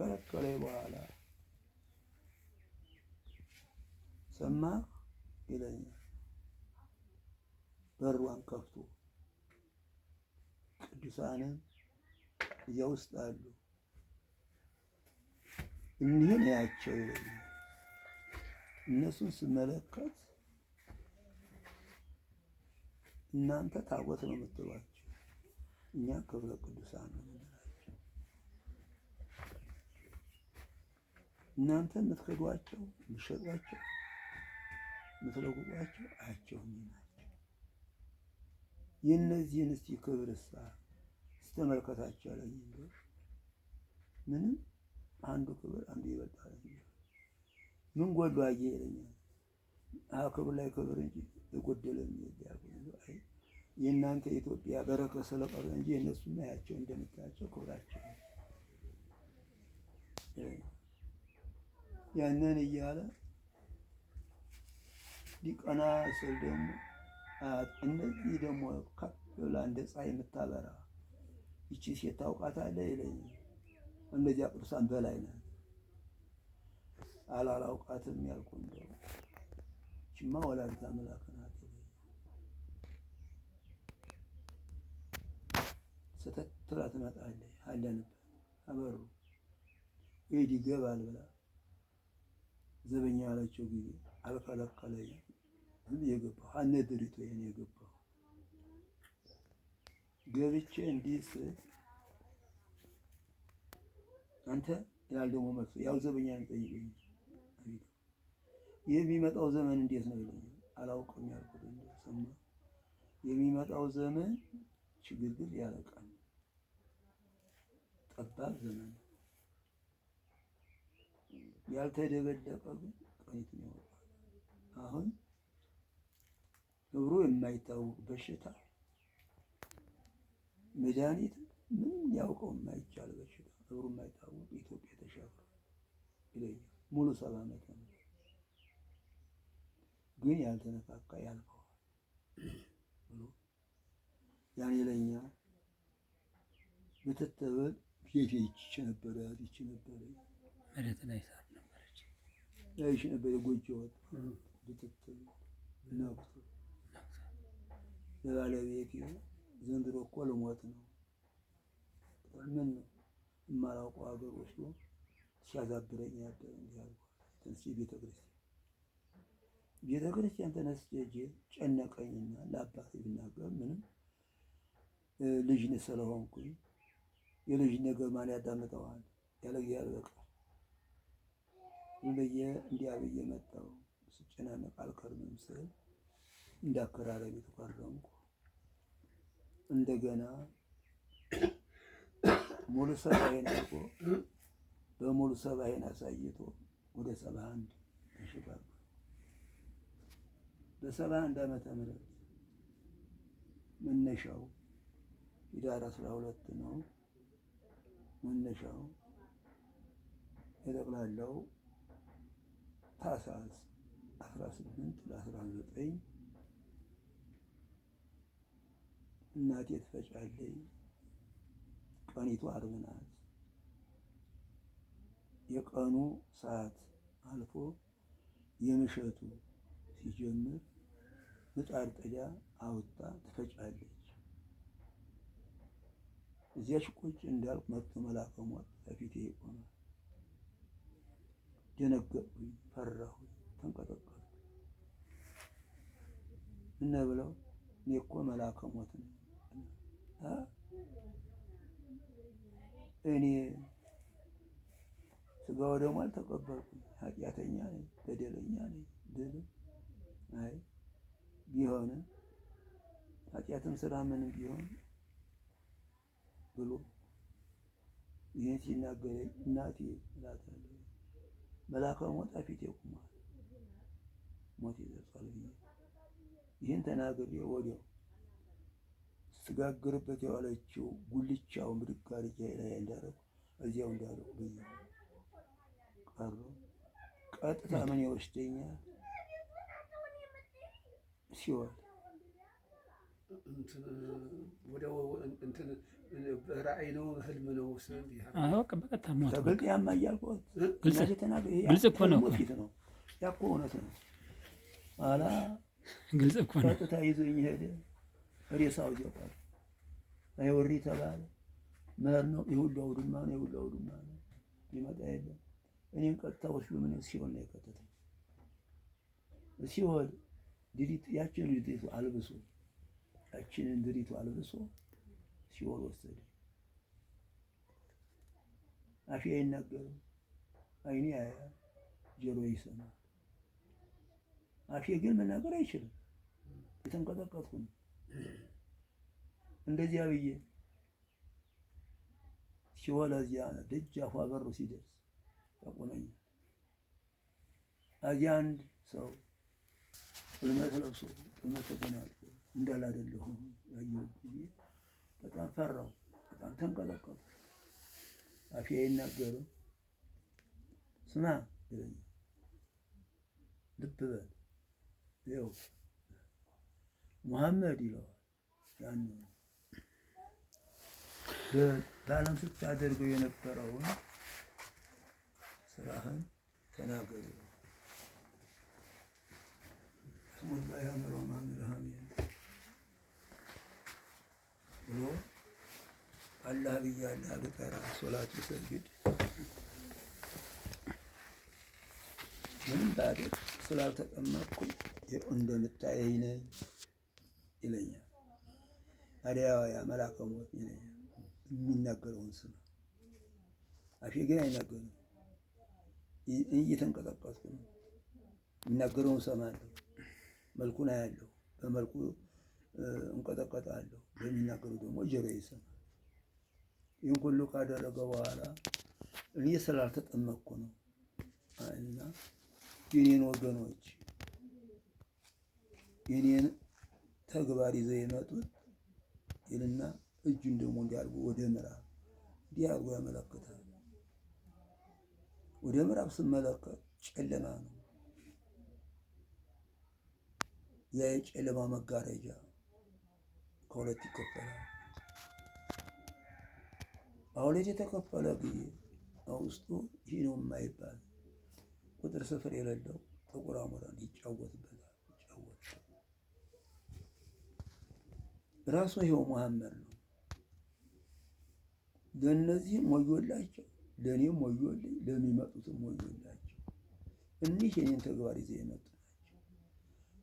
ከከለከለ በኋላ ሰማ ይለኛል። በሯን ከፍቶ ቅዱሳንን እዚያ ውስጥ አሉ። እኒህን ያቸው ይለኛል። እነሱን ስመለከት እናንተ ታቦት ነው የምትሏቸው፣ እኛ ክብረ ቅዱሳን ነው። እናንተ የምትክዷቸው የምትሸጧቸው የምትለውጧቸው አያቸውም ናቸው። የእነዚህን እስቲ ክብር ሳ ስተመልከታቸው ያለኝ ምንም አንዱ ክብር አንዱ ይበልጣል። ምን ጎሎ አየ ይለኛል። ክብር ላይ ክብር እንጂ የጎደለ አይ የእናንተ ኢትዮጵያ በረከት ስለቀረ እንጂ የእነሱም ያቸው እንደምታያቸው ክብራቸው ያንን እያለ ሊቀና ስል ደግሞ እነዚህ ደግሞ ከፍ ብላ እንደ ፀሐይ የምታበራ ይቺ ሴት ታውቃታለህ ይለኛል። እንደዚያ ቅዱሳን በላይ ናት። አላላውቃትም ያልኩ እንደው ይቺማ ወላዲተ አምላክ ናት። ስተት ትላ ትመጣለች። አለንበት አበሩ ይሄድ ይገባል ብላ ዘበኛ ያላቸው ጊዜ አልፈለካ ላይ ዝም የገባሁ አነ ድሪቶ ይሄን የገባሁ ገብቼ እንዲህ ስል አንተ ያል ደግሞ መልሶ ያው ዘበኛ የሚጠይቀኝ የሚመጣው ዘመን እንዴት ነው ይለኛል። አላውቅም ያልኩት ሰማ የሚመጣው ዘመን ችግርግር ያለቃል ጠባብ ዘመን ያልተደበለቀ ግን ጥሬት ነው። አሁን ክብሩ የማይታወቅ በሽታ መድኃኒት ምን ያውቀው የማይቻል በሽታ ክብሩ የማይታወቅ ኢትዮጵያ ተሻግሮ ይለኛል። ሙሉ ሰባ ዓመት ነው ግን ያልተነካካ ያልፈዋል ብሎ ያን ይለኛል። ብትተበል ቤት ይች ነበረ ይች ነበረ መሬት ላይ ሳል አይሽ ነበር የጎጆ ወጥ ብትትል ነክቶ ለባለቤት ዘንድሮ እኮ ልሞት ነው። ምን ነው የማላውቀው ሀገር ወስዶ ሲያዛብረኝ ነበር እንዲያል ተንስ ቤተ ክርስቲያን ተነስቼ ሄጄ ጨነቀኝና ለአባት ብናገር ምንም ልጅ ስለሆንኩኝ የልጅ ነገር ማን ያዳምጠዋል? ያለ ጊዜ ያልበቃል ብዬ እንዲያ ብዬ መጣሁ። ስጨናነቅ አልከርምም ስል እንደ አከራሪ እንደገና ሙሉ ሰብአዬን አልቆ በሙሉ ሰብአዬን አሳይቶ ወደ ሰባ አንድ ተሸጋገርኩ። በሰባ አንድ ዓመተ ምህረት መነሻው ህዳር አስራ ሁለት ነው መነሻው የጠቅላላው ታኅሳስ 18 ለ19 እናቴ ትፈጫለኝ ቀኒቱ ዓርብ ናት። የቀኑ ሰዓት አልፎ የምሸቱ ሲጀምር ምጣድ ጥዳ አውጣ ትፈጫለች። እዚያች ቁጭ እንዳልኩ መጥቶ መልአከ ሞት ከፊቴ ይቆማል። ደነገጥኩኝ፣ ፈራሁኝ፣ ተንቀጠቀጥኩ። እነ ብለው እኔ እኮ ሞት እኔ ስጋው ደግሞ አልተቀበልኩም፣ ኃጢአተኛ ነኝ፣ በደለኛ ነኝ ብሎ አይ ቢሆንም ኃጢአትም ስራ ምንም ቢሆን ብሎ ይህን ሲናገረኝ እናቴ እላታለሁ። መልአከ ሞት ፊት ቆሟል፣ ሞት ይዘርፏል ብዬ ይህን ተናግሬ ወዲያው ስጋግርበት የዋለችው ጉልቻው ብድግ አድርጌ ላይ እንዳደረኩ እዚያው እንዳደረኩ ብዬ ቀሩ። ቀጥታ ምን ይወስደኛል? ሲወል ራእይ ነው ህልም ነው በቀጥታ ያማ ግልጽ እኮ ነው ነው እውነት ነው ኋላ ግልጽ እኮ ነው ቀጥታ ይዞኝ ሄደ ሬሳው ይወጣል አይወሪ ተባለ መር ነው የሁሉ አውድማ ነው የሁሉ አውድማ ነው የለም እኔም ቀጥታ ወስዶ ምን ሲሆን ነው ሲሆን ያችን ድሪቱ አልብሶ ያችንን ድሪቱ አልብሶ ሲኦል ወሰደ። አፌ አይናገርም፣ አይኔ ያያል፣ ጆሮ ይሰማል። አፌ ግን መናገር አይችልም። የተንቀጠቀጥኩ ነው። እንደዚያ ብዬ ሲወላ እዚያ ደጃፏ በሩ ሲደርስ ያቆመኛል። እዚያ አንድ ሰው ጥልመት ለብሶ ጥልመት ተጎናልፎ እንዳላደለሁ ያየሁት በጣም ፈራው። በጣም ተንቀጠቀጡ። አፌ አይናገርም። ስማ ይለኛል። ልብ በል ይኸው ሙሐመድ ይለዋል። ያን በዓለም ስታደርገው የነበረውን ስራህን ተናገር። ስሙን ያምረው ማምርሃን ብሎ አላህ ብዬ አላህ ብጠራ ሶላት ብሰግድ ምንም ባደርግ ስላልተቀመጥኩ እንደምታየኝ ነኝ ይለኛል። መላከ ሞት ይለኛል። የሚናገረውን ስማ። አፌ ግን አይናገርም፣ ነው። የሚናገረውን ሰማለሁ፣ መልኩን አያለሁ በመልኩ እንቀጠቀጣለሁ። የሚናገሩ ደግሞ ጆሮ ይሰማል። ይህን ሁሉ ካደረገ በኋላ እኔ ስላልተጠመቅኩ ነው እና የኔን ወገኖች የኔን ተግባር ይዘው የመጡት ይልና እጁን ደግሞ እንዲያርጉ ወደ ምዕራብ እንዲያርጉ ያመለክታል። ወደ ምዕራብ ስመለከት ጨለማ ነው። ያ የጨለማ መጋረጃ ከሁለት ይከፈላል። አሁለት የተከፈለ ጊዜ ውስጡ ይህ ነው የማይባል ቁጥር ስፍር የሌለው ጥቁር አሞራን ይጫወትበታል ይጫወትበታል። ራሱ ይኸው መሐመድ ነው። ለእነዚህም ወዮላቸው፣ ለእኔም ወዮልኝ፣ ለሚመጡትም ወዮላቸው። እኒህ የኔን ተግባር ይዘው የመጡ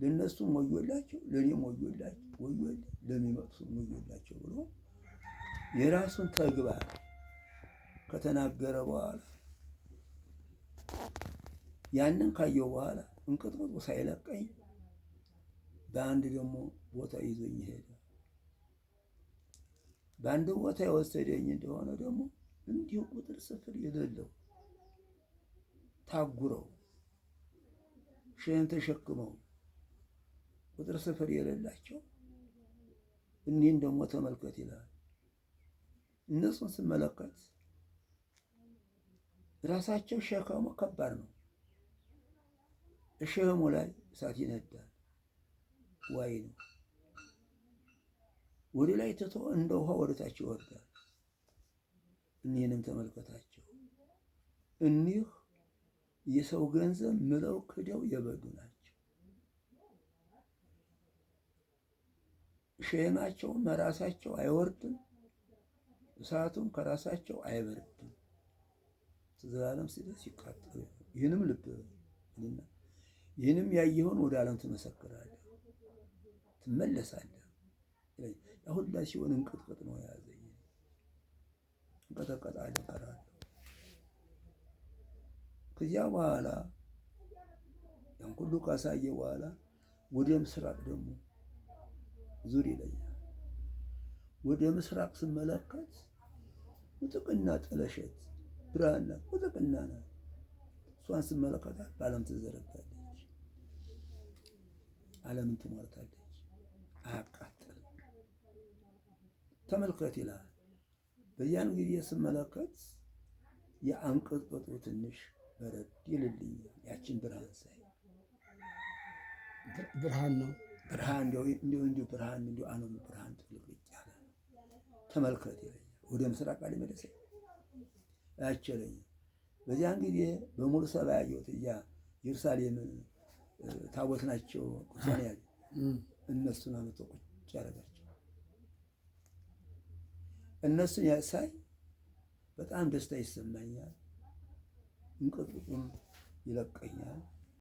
ለእነሱም ወዮላቸው፣ ለእኔም ወዮላቸው፣ ወዮል ለሚመጡትም ወዮላቸው ብሎ የራሱን ተግባር ከተናገረ በኋላ ያንን ካየው በኋላ እንቅጥቅጡ ሳይለቀኝ በአንድ ደግሞ ቦታ ይዞኝ ሄደ። በአንድ ቦታ የወሰደኝ እንደሆነ ደግሞ እንዲሁ ቁጥር ስፍር የሌለው ታጉረው ሸን ተሸክመው ቁጥር ስፍር የሌላቸው እኒህን ደግሞ ተመልከት ይላል። እነሱን ስመለከት ራሳቸው ሸከሙ ከባድ ነው። እሸህሙ ላይ እሳት ይነዳል። ዋይ ነው ወደ ላይ ትቶ እንደ ውሃ ወደ ታች ይወርዳል። እኒህንም ተመልከታቸው። እኒህ የሰው ገንዘብ ምለው ክደው የበዱ ናቸው። ሸማቸውም ራሳቸው አይወርድም፣ እሳቱም ከራሳቸው አይበርድም። ዘላለም ሲደርስ ይቃጠሉ። ይህንም ልብ ይልና ይህንም ያየኸውን ወደ ዓለም ትመሰክራለህ፣ ትመለሳለህ። ያሁላ ሲሆን እንቅጥቅጥ ነው የያዘኝ። እንቀጠቀጣለሁ፣ እቀራለሁ። ከዚያ በኋላ ያን ሁሉ ካሳየ በኋላ ወደ ምስራቅ ደግሞ ዙር ይለኛል። ወደ ምስራቅ ስመለከት ውጥቅና ጥለሸት ብርሃን ናት፣ ውጥቅና ናት። እሷን ስመለከታት በዓለም ትዘረጋለች፣ ዓለምን ትሞልታለች፣ አያቃጥልም። ተመልከት ይላል። በዚያን ጊዜ ስመለከት የአንቀጥቀጡ ትንሽ በረድ ይልልኛል። ያችን ብርሃን ሳይ ብርሃን ነው ብርሃን እንዲሁ እንዲሁ ብርሃን እንዲሁ አኖም ብርሃን ጥልቅልቅ ያለ ተመልከት ይለኛል። ወደ ምስራቅ ቃል መለሰ አይቸለኝም። በዚያን ጊዜ በሙሉ ሰባ ያየሁት እያ ኢየሩሳሌም ታቦት ናቸው ቅዱሳን ያለ እነሱን አመቶ ቁጭ ያደረጋቸው እነሱን ያሳይ በጣም ደስታ ይሰማኛል። እንቅጥቅጡም ይለቀኛል።